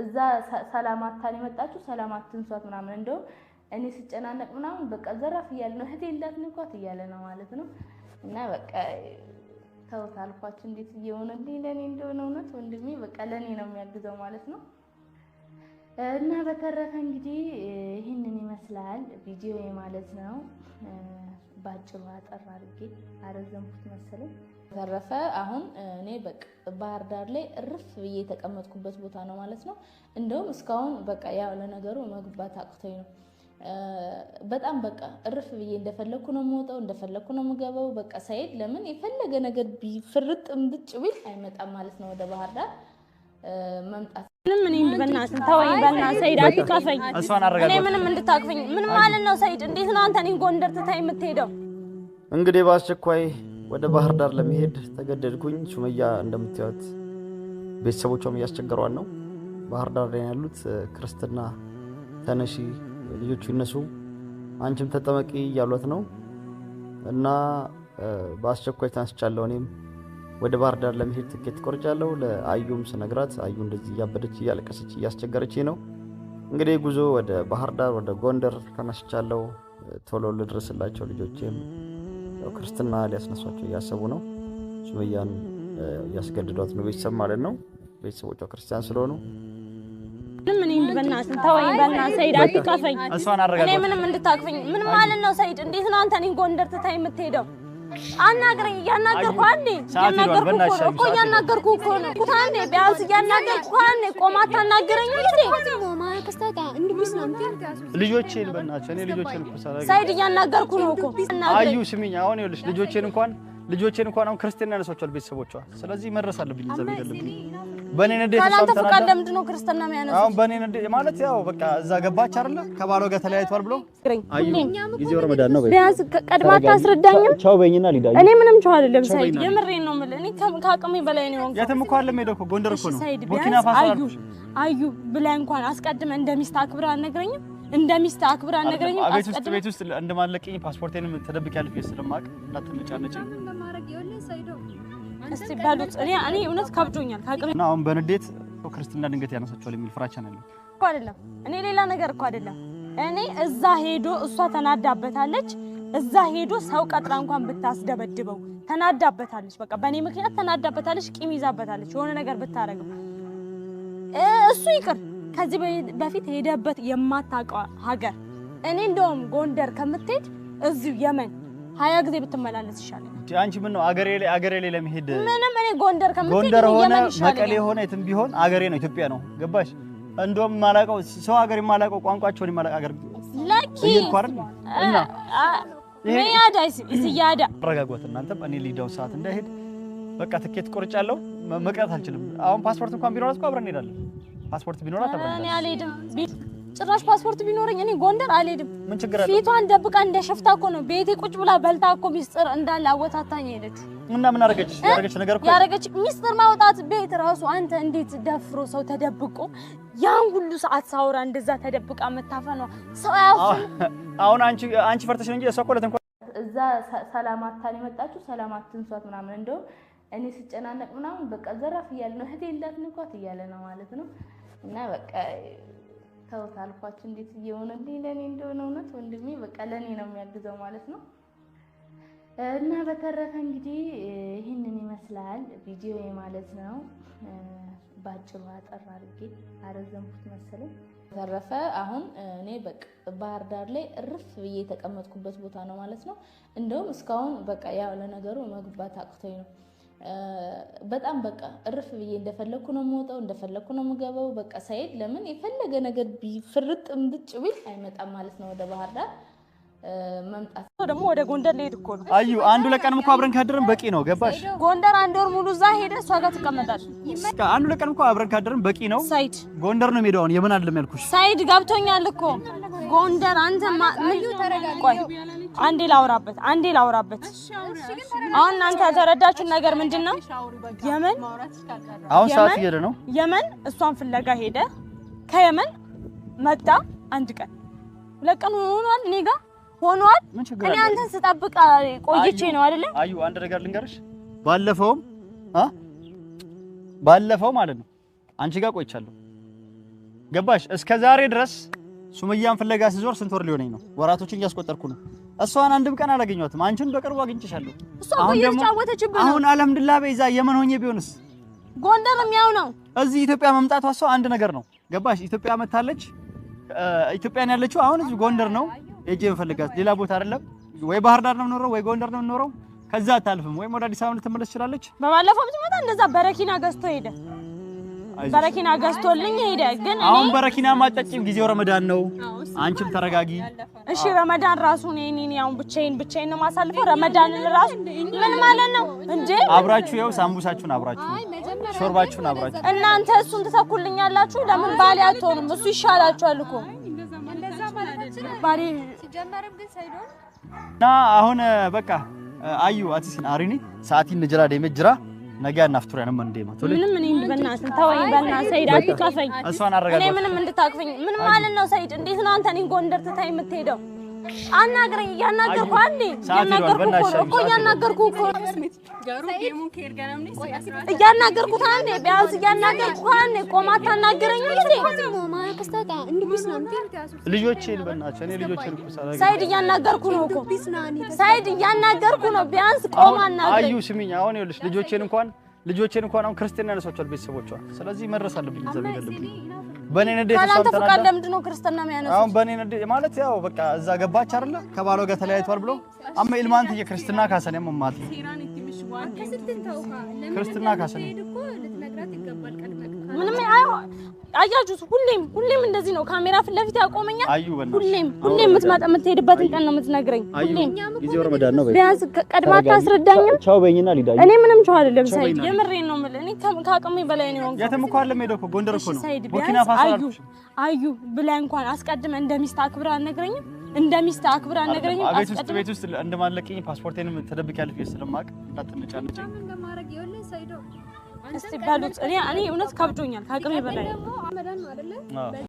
እዛ ሰላም አታን የመጣችሁ ሰላም አትንሷት ምናምን እንደውም እኔ ስጨናነቅ ምናምን በቃ ዘራፍ እያለ ነው እህቴ እንዳት ንኳት እያለ ነው ማለት ነው። እና በቃ ተውት አልኳችሁ። እንዴት እየሆነ እንዲ ለእኔ እንደሆነ እውነት ወንድሜ በቃ ለእኔ ነው የሚያግዘው ማለት ነው። እና በተረፈ እንግዲህ ይህንን ይመስላል ቪዲዮ ማለት ነው። በአጭሩ አጠር አድርጌ አረዘምኩት መሰለኝ። ተረፈ አሁን እኔ ባህር ዳር ላይ እርፍ ብዬ የተቀመጥኩበት ቦታ ነው ማለት ነው። እንደውም እስካሁን በቃ ያው ለነገሩ መግባት አቅቶኝ ነው። በጣም በቃ እርፍ ብዬ እንደፈለግኩ ነው የምወጣው፣ እንደፈለግኩ ነው የምገባው። በቃ ሳይድ ለምን የፈለገ ነገር ፍርጥ ብጭ ቢል አይመጣም ማለት ነው ወደ ባህር ዳር ምንም እኔ ሰይድ እኔ ምንም እንድታቅፈኝ ምን ማለት ነው ሰይድ? እንዴት ነው አንተ እኔን ጎንደር ትታይ የምትሄደው? እንግዲህ በአስቸኳይ ወደ ባህር ዳር ለመሄድ ተገደድኩኝ። ሱመያ እንደምታዩት ቤተሰቦቿም እያስቸገሯን ነው። ባህር ዳር ላይ ያሉት ክርስትና ተነሺ፣ ልጆቹ ይነሱ፣ አንቺም ተጠመቂ እያሏት ነው እና በአስቸኳይ ተነስቻለሁ። እኔም ወደ ባህር ዳር ለመሄድ ትኬት ቆርጫለሁ። ለአዩም ስነግራት አዩ እንደዚህ እያበደች እያለቀሰች እያስቸገረች ነው። እንግዲህ ጉዞ ወደ ባህር ዳር ወደ ጎንደር ተነስቻለሁ። ቶሎ ልድረስላቸው ልጆቼም ክርስትና ሊያስነሷቸው እያሰቡ ነው። ሱመያን እያስገድዷት ነው ቤተሰብ ማለት ነው። ቤተሰቦቿ ክርስቲያን ስለሆኑ ምንም እንድታቅፈኝ ምን ማለት ነው? ሰይድ እንዴት ነው አንተ እኔን ጎንደር ትታ የምትሄደው? አናግረኝ። እያናገርኩህ አንዴ እኮ እኮ ነው። ቢያንስ አንዴ ቆማ እንዴ? ልጆቼን በእናትሽ እኔ ልጆቼን እኮ ሳይድ እያናገርኩ ነው እኮ አዩ ስሚኝ አሁን ይኸውልሽ ልጆቼን እንኳን ልጆቼን እንኳን አሁን ክርስትና ያነሳቸዋል ቤተሰቦቿ ስለዚህ መድረስ አለብኝ እዛ ቤት አለብኝ በኔ ንዴት ካላንተ ፈቃድ ለምንድን ማለት ያው በቃ እዛ ገባች አይደለ? ከባሏ ጋር ተለያይቷል ብሎ ጊዜው ረመዳን ነው። ቢያንስ ቀድማ አታስረዳኝም? ቻው በይኝና ሊዳ እኔ ምንም ቻው አይደለም ሳይድ፣ የምሬን ነው የምልህ። እኔ ከአቅሜ በላይ ነው። የትም እኮ አይደለም ሄደው እኮ ጎንደር እኮ ነው። ቡርኪና ፋሶ አዩ አዩ ብለህ እንኳን አስቀድመህ እንደሚስት አክብረህ አልነግረኝም? እንደሚስት አክብረህ አልነግረኝም? አስቀድመህ ቤት ውስጥ እንደማለቅኝ ፓስፖርቴንም ተደብቄያለሁ ስለማውቅ እንዳትመጫነጭ እስቲ በሉት። እኔ እኔ እውነት ከብዶኛል። እና አሁን በንዴት ክርስትና ድንገት ያነሳቸዋል የሚል ፍራቻ ነው ያለው እኮ አይደለም። እኔ ሌላ ነገር እኮ አይደለም። እኔ እዛ ሄዶ እሷ ተናዳበታለች። እዛ ሄዶ ሰው ቀጥራ እንኳን ብታስደበድበው ተናዳበታለች። በቃ በእኔ ምክንያት ተናዳበታለች፣ ቂም ይዛበታለች። የሆነ ነገር ብታረግም እሱ ይቅር። ከዚህ በፊት ሄደበት የማታውቀው ሀገር እኔ እንደውም ጎንደር ከምትሄድ እዚሁ የመን ሀያ ጊዜ ብትመላለስ ይሻላል። አንቺ ምን ነው አገሬ ላይ አገሬ ላይ ለመሄድ ምንም እኔ ጎንደር ከምትሄድ ጎንደር ሆነ መቀሌ ሆነ የትም ቢሆን አገሬ ነው፣ ኢትዮጵያ ነው። ገባሽ? እንደውም የማላውቀው ሰው ሀገር የማላውቀው ቋንቋቸውን የማላውቅ አገር ለኪ እና ይሄዳ ይስያዳ እናንተም እኔ ሊዳው ሰዓት እንዳይሄድ በቃ ትኬት ቆርጫለሁ። መቅረት አልችልም። አሁን ፓስፖርት እንኳን ቢኖራት እኮ አብረን እንሄዳለን። ፓስፖርት ቢኖራት አብረን ጭራሽ ፓስፖርት ቢኖረኝ እኔ ጎንደር አልሄድም። ምን ችግር አለ? ፊቷን ደብቃ እንደ ሸፍታ እኮ ነው ቤቴ ቁጭ ብላ በልታ እኮ ሚስጥር እንዳለ አወታታኝ ሄደች እና ምን አደረገች? ያደረገች ነገር እኮ ያደረገች ሚስጥር ማውጣት ቤት ራሱ አንተ እንዴት ደፍሮ ሰው ተደብቆ ያን ሁሉ ሰዓት ሳውራ እንደዛ ተደብቃ መታፈኗ ሰው ያው አሁን አንቺ አንቺ ፈርተሽ እንጂ እሷ እኮ ለተንኮል እዛ ሰላም አታን የመጣችሁ ሰላም አትንሷት ምናምን እንደውም እኔ ስጨናነቅ ምናምን በቃ ዘራፍ እያለ ነው እህቴ እንዳትንኳት እያለ ነው ማለት ነው እና በቃ ተውት አልኳችሁ። እንዴት እየሆነልኝ ለእኔ እንደሆነ እውነት ወንድሜ በቃ ለእኔ ነው የሚያግዘው ማለት ነው። እና በተረፈ እንግዲህ ይህንን ይመስላል ቪዲዮ ማለት ነው። ባጭሩ አጠር አድርጌ አረዘምኩት መሰለኝ። በተረፈ አሁን እኔ ባህር ዳር ላይ እርፍ ብዬ የተቀመጥኩበት ቦታ ነው ማለት ነው። እንደውም እስካሁን በቃ ያው ለነገሩ መግባት አቅቶኝ ነው በጣም በቃ እርፍ ብዬ እንደፈለግኩ ነው የምወጣው፣ እንደፈለግኩ ነው የምገባው። በቃ ሳይድ ለምን የፈለገ ነገር ቢፍርጥ እምብጭ ቢል አይመጣም ማለት ነው ወደ ባህር ዳር መምጣት ደግሞ ወደ ጎንደር ልሄድ እኮ ነው። አዩ አንዱ ለቀንም እኮ አብረን ካደረን በቂ ነው። ገባሽ? ጎንደር አንድ ወር ሙሉ እዛ ሄደ እሷ ጋር ትቀመጣል። አንዱ ለቀንም እኮ አብረን ካደረን በቂ ነው። ሳይድ ጎንደር ነው የምሄደው። አሁን የምን አይደለም ያልኩሽ። ሳይድ ገብቶኛል እኮ ጎንደር አንተ አንዴ ላውራበት አንዴ ላውራበት። አሁን እናንተ የተረዳችሁት ነገር ምንድን ነው? የመን አሁን ሰዓት እየሄደ ነው። የመን እሷን ፍለጋ ሄደ። ከየመን መጣ። አንድ ቀን ሁለት ቀን ሆኗል፣ እኔ ጋር ሆኗል። እኔ አንተን ስጠብቅ ቆይቼ ነው አይደለ? አዩ አንድ ነገር ልንገርሽ። ባለፈውም አ ባለፈው ማለት ነው አንቺ ጋር ቆይቻለሁ። ገባሽ? እስከ ዛሬ ድረስ ሱመያን ፍለጋ ሲዞር ስንት ወር ሊሆነኝ ነው? ወራቶችን እያስቆጠርኩ ነው። እሷን አንድም ቀን አላገኘኋትም። አንቺን በቅርቡ አግኝቼሻለሁ። እሷ እኮ እየተጫወተችብህ ነው። አሁን አልሐምዱሊላህ በይዛ የመን ሆኜ ቢሆንስ ጎንደር የሚያው ነው። እዚህ ኢትዮጵያ መምጣቷ እሷ አንድ ነገር ነው። ገባሽ? ኢትዮጵያ መታለች። ኢትዮጵያን ያለችው አሁን እዚህ ጎንደር ነው። እጄን ፈልጋት ሌላ ቦታ አይደለም። ወይ ባህር ዳር ነው የምኖረው፣ ወይ ጎንደር ነው የምኖረው። ከዛ አታልፍም። ወይም ወደ አዲስ አበባ ልትመለስ ትችላለች። በባለፈው ትመጣ እንደዛ በረኪና ገዝቶ ሄደ። በረኪና ገዝቶልኝ ሄደ። ግን አሁን በረኪና ማጠጭም ጊዜው ረመዳን ነው። አንቺም ተረጋጊ እሺ። ረመዳን ራሱ ነው እኔ አሁን ብቻዬን ብቻዬን ነው ማሳልፈው። ረመዳን ራሱ ምን ማለት ነው እንዴ? አብራችሁ ያው ሳምቡሳችሁን አብራችሁ ሾርባችሁን አብራችሁ እናንተ እሱን ትተኩልኛላችሁ። ለምን ባሌ አትሆኑም? እሱ ይሻላችኋል እኮ ባሌ እና አሁን በቃ አዩ አትሲን አሪኒ ሰዓቲን ንጅራ ደመጅራ ነገ አናፍቱሪያንም እንዴ ማለት ነው። ምንም እኔ በእናትህ ተወኝ፣ በእናትህ ሰይድ አትካፈኝ እሷን አረጋግጥ እኔ ምንም እንድታቅፈኝ ምን ማለት ነው? ሰይድ እንዴት ነው አንተ እኔን ጎንደር ትተኸኝ የምትሄደው? አናግረኝ እያናገርኩ አንዴ እኮ እያናገርኩ እኮ እያናገርኩት አንዴ ቢያንስ እያናገርኩ አንዴ ቆማ አታናግረኝ ልጆቼን በእናትሽ እኔ ልጆቼን ሳይድ እያናገርኩ ነው እኮ ሳይድ እያናገርኩ ነው። ቢያንስ ቆማ አናግረኝ። አዩ ስሚኝ፣ አሁን ይኸውልሽ ልጆቼን እንኳን ልጆቼን እንኳን አሁን ክርስቲያን ያነሳቸዋል ቤተሰቦቿ። ስለዚህ መድረስ አለብኝ እዛ በኔ ነዴ ካላንተ ፈቃድ ለምንድን ነው ክርስትና የሚያነሱት? አሁን በኔ ነዴ ማለት ያው በቃ እዛ ገባች አይደለ? ከባሏ ጋር ተለያይቷል ብሎ አማ ኢልማንት የክርስትና ካሰኔ መማት ክርስትና ካሰኔ ልትነግራት ምንም አያችሁት? ሁሌም ሁሌም እንደዚህ ነው። ካሜራ ፊት ለፊት ያቆመኛል። ሁሌም ሁሌም የምትሄድበትን ቀን ነው የምትነግረኝ። ሁሌም ቢያንስ ቀድማ አታስረዳኝም። እኔ ምንም ቻው አይደለም ሳይድ፣ የምሬን ነው የምልህ። እኔ ከአቅሜ በላይ ነው። አዩ አዩ እንኳን አስቀድመ አክብራ አልነግረኝም እንደ ሚስት አክብር ቤት ውስጥ እንደማለቀኝ ፓስፖርቴንም ተደብቅ ስለማቅ እንዳትነጫነጭ እስቲ በሉት። እኔ እውነት ከብዶኛል ከአቅሜ በላይ